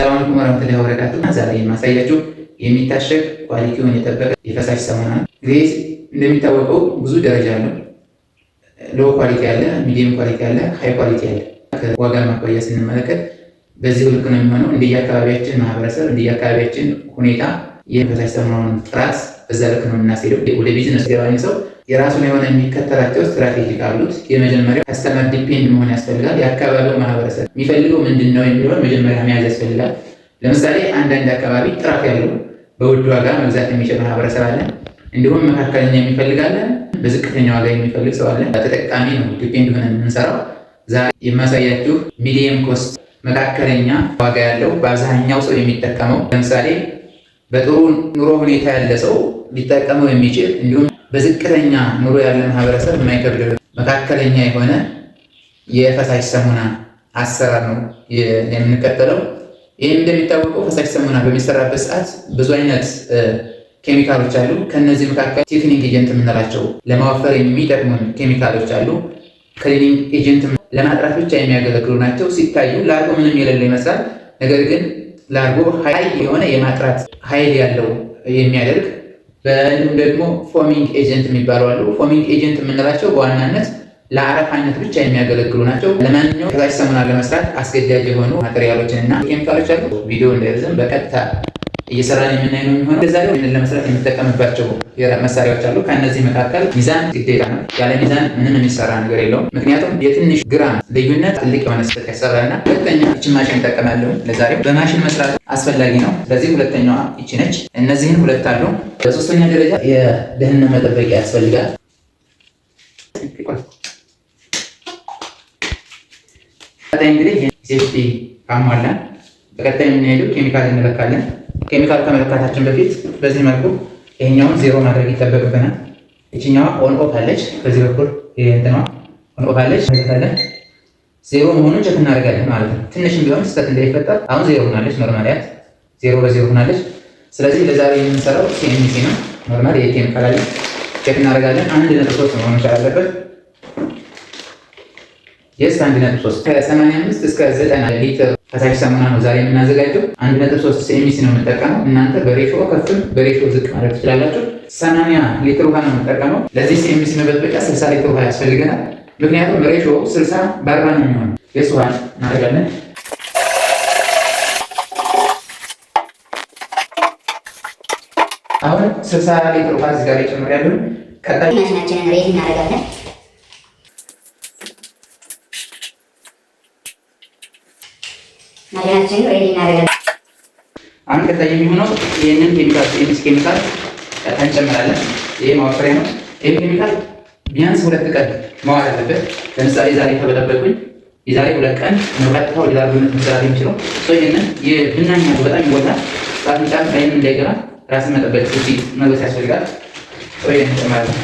ሰላም አለይኩም ወራህመቱላሂ ወበረካቱ። ዛሬ የማሳያችሁ የሚታሸግ ኳሊቲውን የጠበቀ የፈሳሽ ሳሙና ነው። እንግዲህ እንደሚታወቀው ብዙ ደረጃ አለው። ሎ ኳሊቲ አለ፣ ሚዲየም ኳሊቲ አለ፣ ሃይ ኳሊቲ አለ። ከዋጋ ማኳያ ስንመለከት በዚህ ልክ ነው የሚሆነው። እንደየአካባቢያችን ማህበረሰብ፣ እንደየአካባቢያችን ሁኔታ የፈሳሽ ሳሙናውን ጥራት በዛ ልክ ነው የምናስሄደው። ወደ ቢዝነስ ገባኝ ሰው የራሱን የሆነ የሚከተላቸው ስትራቴጂ ካሉት የመጀመሪያው ከስተመር ዲፔንድ መሆን ያስፈልጋል። የአካባቢው ማህበረሰብ የሚፈልገው ምንድን ነው የሚለውን መጀመሪያ መያዝ ያስፈልጋል። ለምሳሌ አንዳንድ አካባቢ ጥራት ያለው በውድ ዋጋ መግዛት የሚችል ማህበረሰብ አለ። እንዲሁም መካከለኛ የሚፈልጋለን፣ በዝቅተኛ ዋጋ የሚፈልግ ሰው አለ። ተጠቃሚ ነው ዲፔንድ ሆነ የምንሰራው። ዛሬ የማሳያችሁ ሚዲየም ኮስት መካከለኛ ዋጋ ያለው በአብዛኛው ሰው የሚጠቀመው ለምሳሌ በጥሩ ኑሮ ሁኔታ ያለ ሰው ሊጠቀመው የሚችል እንዲሁም በዝቅተኛ ኑሮ ያለ ማህበረሰብ የማይከብድ መካከለኛ የሆነ የፈሳሽ ሰሙና አሰራር ነው የምንከተለው። ይህም እንደሚታወቀው ፈሳሽ ሰሙና በሚሰራበት ሰዓት ብዙ አይነት ኬሚካሎች አሉ። ከነዚህ መካከል ቲክኒንግ ኤጀንት የምንላቸው ለማወፈር የሚጠቅሙን ኬሚካሎች አሉ። ክሊኒንግ ኤጀንት ለማጥራት ብቻ የሚያገለግሉ ናቸው። ሲታዩ ላርጎ ምንም የሌለው ይመስላል። ነገር ግን ላርጎ ሀይ የሆነ የማጥራት ሀይል ያለው የሚያደርግ በእንዲሁም ደግሞ ፎሚንግ ኤጀንት የሚባሉ አሉ። ፎሚንግ ኤጀንት የምንላቸው በዋናነት ለአረፋ አይነት ብቻ የሚያገለግሉ ናቸው። ለማንኛውም ከታች ሰሙና ለመስራት አስገዳጅ የሆኑ ማቴሪያሎችን እና ኬሚካሎች አሉ። ቪዲዮ እንዳይረዝም በቀጥታ እየሰራን የምናይ ነው የሚሆነው። ከዛ ለመስራት የምጠቀምባቸው መሳሪያዎች አሉ። ከእነዚህ መካከል ሚዛን ግዴታ ነው። ያለ ሚዛን ምንም የሚሰራ ነገር የለውም። ምክንያቱም የትንሽ ግራም ልዩነት ትልቅ የሆነ ስህተት ያሰራልና፣ ሁለተኛ ይችን ማሽን እጠቀማለሁ። ለዛሬው በማሽን መስራት አስፈላጊ ነው። ስለዚህ ሁለተኛዋ ይች ነች። እነዚህን ሁለት አሉ። በሶስተኛ ደረጃ የደህንነት መጠበቂያ ያስፈልጋል። ቀጣይ እንግዲህ ሴፍቲ ካሟላን በቀጣይ የምንሄደው ኬሚካል እንለካለን። ኬሚካል ከመለካታችን በፊት በዚህ መልኩ ይሄኛውን ዜሮ ማድረግ ይጠበቅብናል። ይችኛዋ ኦን ኦፍ አለች፣ በዚህ በኩል ይንትነዋ ኦን ኦፍ አለች። ዜሮ መሆኑን ቼክ እናደርጋለን ማለት ነው። ትንሽም ቢሆን ስህተት እንዳይፈጠር አሁን ዜሮ ሆናለች። ኖርማል ዜሮ በዜሮ ሆናለች። ስለዚህ ለዛሬ የምንሰራው ሲኤንሲ ነው። ኖርማል የኬሚካል አለ፣ ቼክ እናደርጋለን። አንድ ነጥብ ሶስት መሆን መቻል አለበት። የስ አንድ ነጥብ ሶስት ከሰማንያ አምስት እስከ ዘጠና ሊትር ፈሳሽ ሳሙና ነው ዛሬ የምናዘጋጀው። አንድ ነጥብ ሶስት ሴሚሲ ነው የምንጠቀመው። እናንተ በሬሾ ከፍም በሬሾ ዝቅ ማድረግ ትችላላችሁ። ሰማንያ ሊትር ውሃ ነው የምንጠቀመው። ለዚህ ሴሚሲ መበጥበጫ ስልሳ ሊትር ውሃ ያስፈልገናል። ምክንያቱም ሬሾ ስልሳ በአርባ ነው የሚሆነው። የሱ ውሃ እናደርጋለን። አሁን ስልሳ ሊትር ውሃ እዚህ ጋር ጨምር ያለን ቀጣይ ማሽናችንን ሬት እናደርጋለን ነገራችን ሬዲ እናደርጋለን። አሁን ቀጣይ የሚሆነው ይህንን ኬሚካል ኤምስ ኬሚካል እንጨምራለን። ይሄ ማወፈሪያ ነው። ይህ ኬሚካል ቢያንስ ሁለት ቀን መዋል አለበት። ለምሳሌ ዛሬ ተበለበልኩኝ፣ የዛሬ ሁለት ቀን ነው ቀጥታ ወደ ዳርነት የሚችለው ይህንን የብናኛ በጣም ይወጣል። ጣፍንጫ ይህን እንዳይገባ ራስን መጠበቅ ውጭ መግበስ ያስፈልጋል። ይህን እንጨምራለን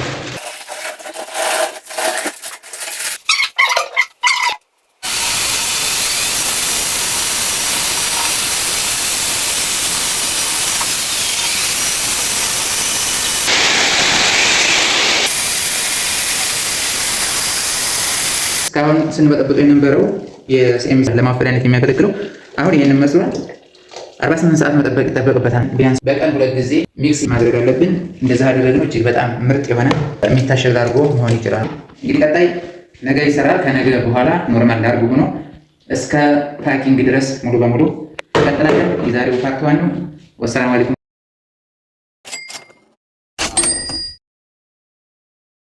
እስካሁን ስንበጠብጠው የነበረው የሲኤም ለማፈላለት የሚያገለግለው አሁን ይህንን መስሏል። 48 ሰዓት መጠበቅ ይጠበቅበታል። ቢያንስ በቀን ሁለት ጊዜ ሚክስ ማድረግ አለብን። እንደዛ አደረግነው እጅግ በጣም ምርጥ የሆነ የሚታሸግ ዳርጎ መሆን ይችላል። እንግዲህ ቀጣይ ነገ ይሰራል። ከነገ በኋላ ኖርማል ዳርጎ ሆኖ እስከ ፓኪንግ ድረስ ሙሉ በሙሉ ቀጥላለን። የዛሬው ፓርት ዋን ነው። ወሰላም አለይኩም።